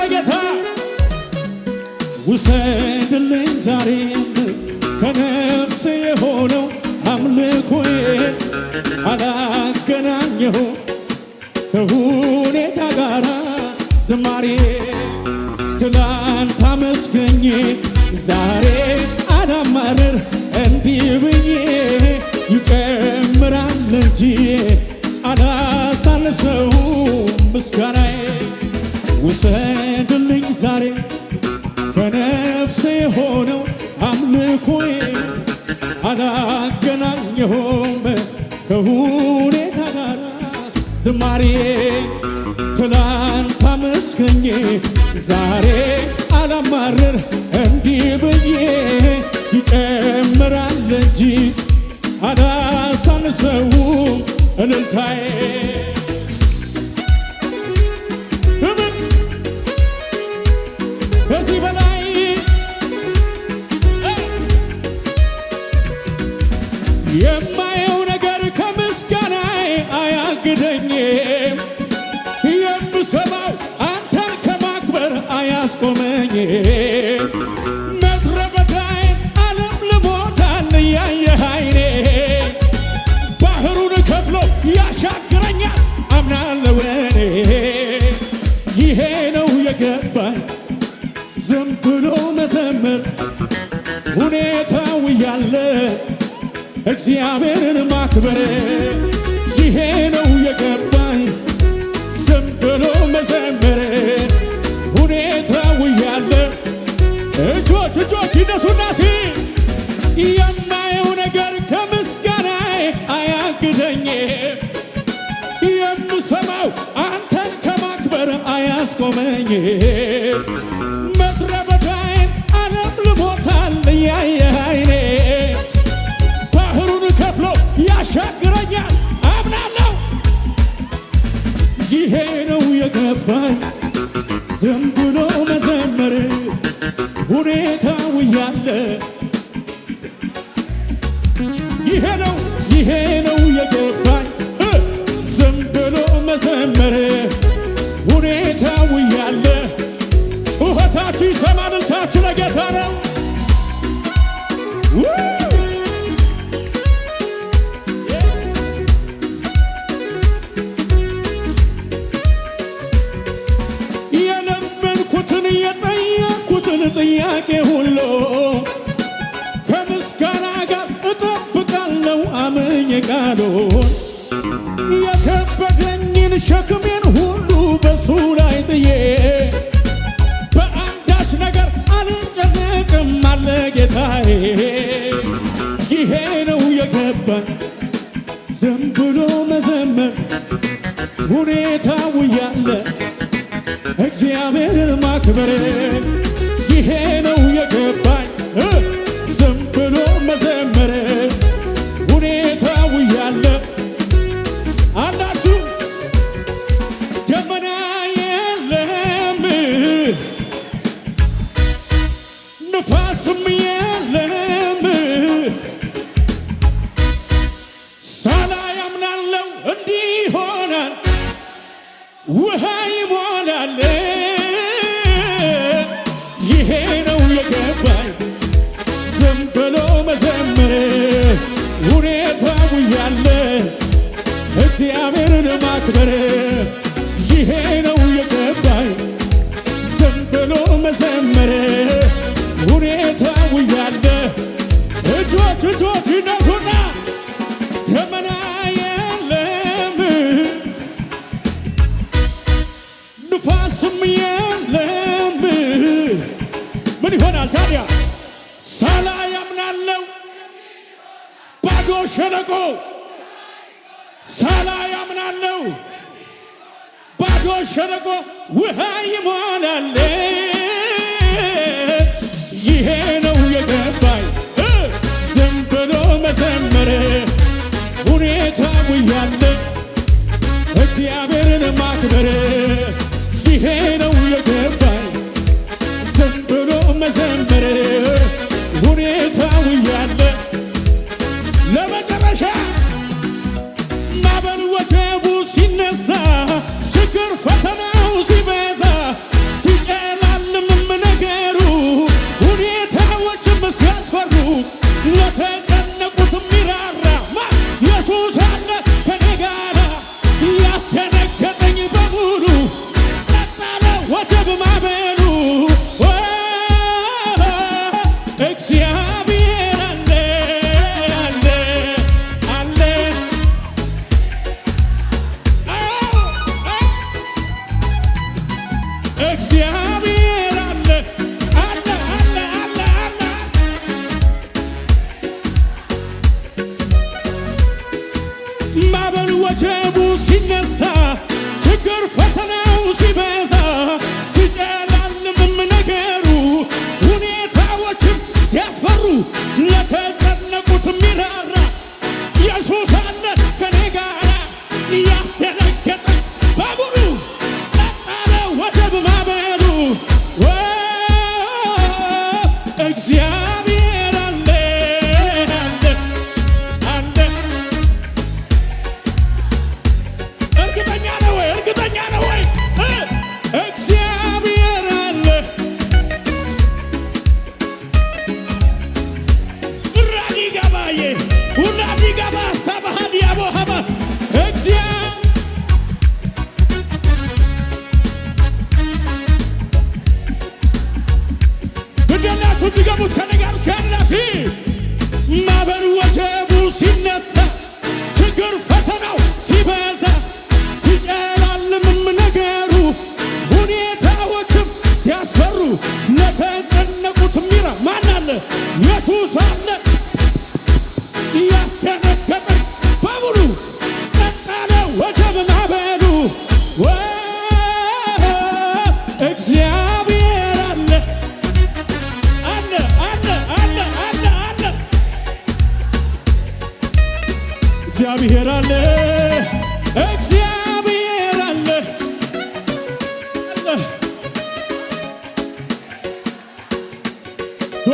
ለጌታ ውሰድልኝ ዛሬም ከነፍሴ የሆነው አምልኮዬ አላገናኘሁ ከሁኔታ ጋራ ዝማሬ ትላንት አመስገኜ ዛሬ አላማርር እንዲህ ብዬ ይጨምራል እንጂ አላሳንሰው ምስጋናዬ ይፍረድልኝ ዛሬ በነፍሴ የሆነው አምልኮዬ አላገናኘሁም ከሁኔታ ጋር ዝማሬ ትላንት አመስገኜ ዛሬ አላማርር እንዲህ ብዬ ይጨምራል እንጂ አላሳንሰውም እልልታዬ ከዚህ በላይ የማየው ነገር ከምስጋናዬ አያግደኝም። የምሰማው አንተን ከማክበር አያስቆመኝ ምድረ በዳዬን ዓለም ባህሩን ከፍሎ ያሻ እግዚአብሔርን ማክበር ይሄ ነው የገባኝ፣ ዝም ብሎ መዘመር ሁኔታው ያለ እጆች እጆች ይነሱና ሲ የማየው ነገር ከምስጋናዬ አያግደኝ፣ የምሰማው አንተን ከማክበር አያስቆመኝ። ምድረ በዳዬን ዓለም ልሞታል እያየኸኝ ይሄ ነው የገባኝ ዝም ብሎ መዘመር ሁኔታው ያለ ይሄ ነው ይሄ ነው የገባኝ ዝም ብሎ መዘመር ሁኔታው ያለ ጩኸታችሁ ይሰማል እልልታችሁ ለጌታ ነው ቃሉን የከበደኝን ሸክሜን ሁሉ በሱ ላይ ጥዬ በአንዳች ነገር አልጨነቅም አለ ጌታዬ። ይሄ ነው የገባኝ ዝም ብሎ መዘመር ሁኔታው ያለ እግዚአብሔርን ማክበር kırmak beni አንተን ማክበር ይሄ ነው የገባኝ ዝም ብሎ መዘመር ሁኔታው ያለ ለመጨረሻ ማዕበል ወጀቡ ሲነሳ ችግር ፈተናው ሲበዛ ሲጨላልምም ነገሩ ሁኔታዎችም ሲያስፈሩ Brasil.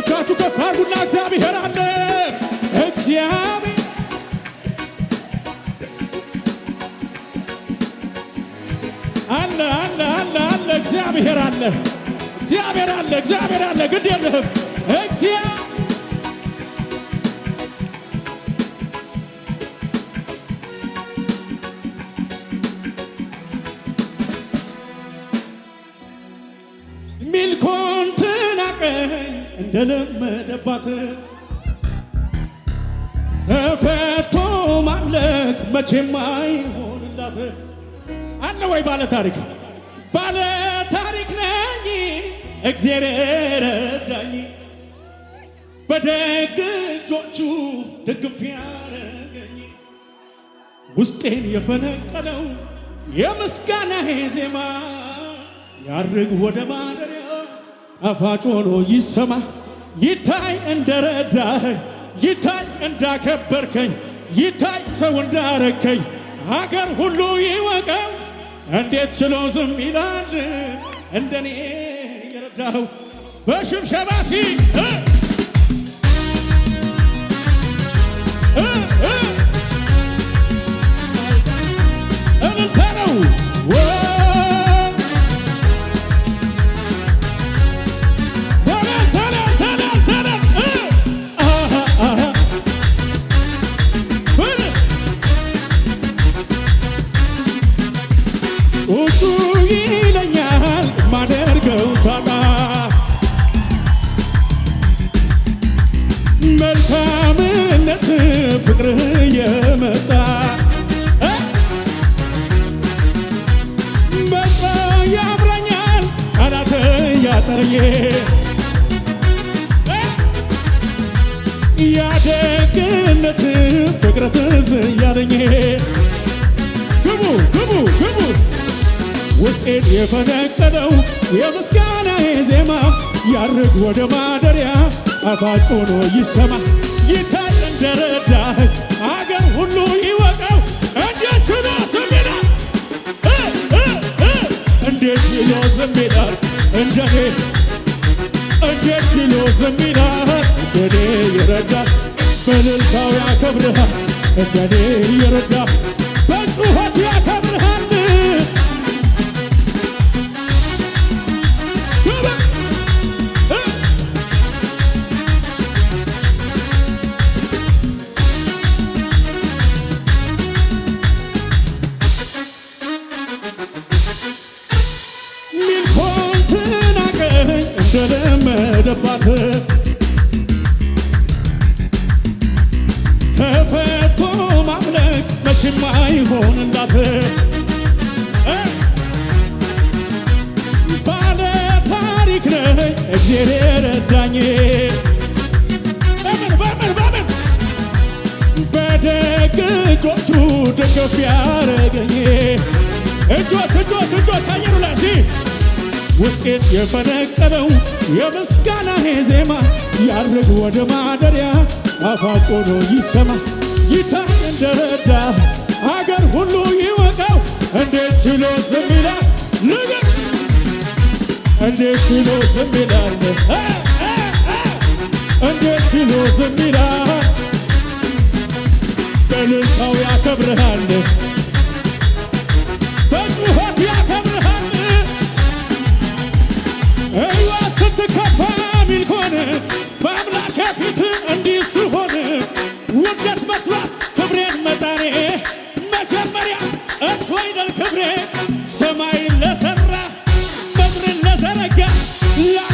እጆቻችሁ ከፍ አርጉና እግዚአብሔር አለ። እግዚአብሔር አለ አለ አለ አለ እግዚአብሔር አለ። እግዚአብሔር አለ። እግዚአብሔር አለ። ግድ የለህም እግዚአብሔር ደለመደባት ተፈቶ ማለክ መቼም አይሆንላት አለ ወይ ባለ ታሪክ ባለ ታሪክ ነኝ እግዜር ረዳኝ በደግ እጆቹ ድግፍ ያረገኝ ውስጤን የፈነቀለው የምስጋና ዜማ ያርግ ወደ ማደሪያ ጣፋጭ ሆኖ ይሰማ ይታይ እንደረዳኸኝ፣ ይታይ እንዳከበርከኝ፣ ይታይ ሰው እንዳረከኝ፣ አገር ሁሉ ይወቀው። እንዴት ችሎ ዝም ይላል እንደኔ በሽብሸባ ሲ ጠርጌ ያደግነት ፍቅር ትዝ ያለኝ ግቡ ግቡ ግቡ ውጤት የፈነቀለው የምስጋና ዜማ ያርግ ወደ ማደሪያ አፋጮኖ ይሰማ ይታይ እንደረዳህ አገር ሁሉ ይወቀው እንዴት ችሎ ዝም እንዴት ችሎ ዝም እንጀኔ እንዴት ችሎ ዝም እንደኔ ይረዳል፣ በእልልታው ያከብርሃል፣ እንደኔ ይረዳል ሆን እንዳት ባለ ታሪክ ነህ እግዚአብሔር ረዳኝ በምን በምን በምን በደግ እጆቹ ደገፍ ያረገኝ እጆች እጆች እጆች አየሩ ላይ ውጤት የፈነቀለው የምስጋናዬ ዜማ ያድርግ ወደ ማደሪያ አፋጮ ነው ይሰማ ይታይ እንደረዳ አገር ሁሉ ይወቀው እንዴት ችሎ ዝም ይላል ነገር እንዴት ችሎ ዝም ይላል እንዴት ችሎ ዝም ይላል በልልታው ያከብርሃል Yeah.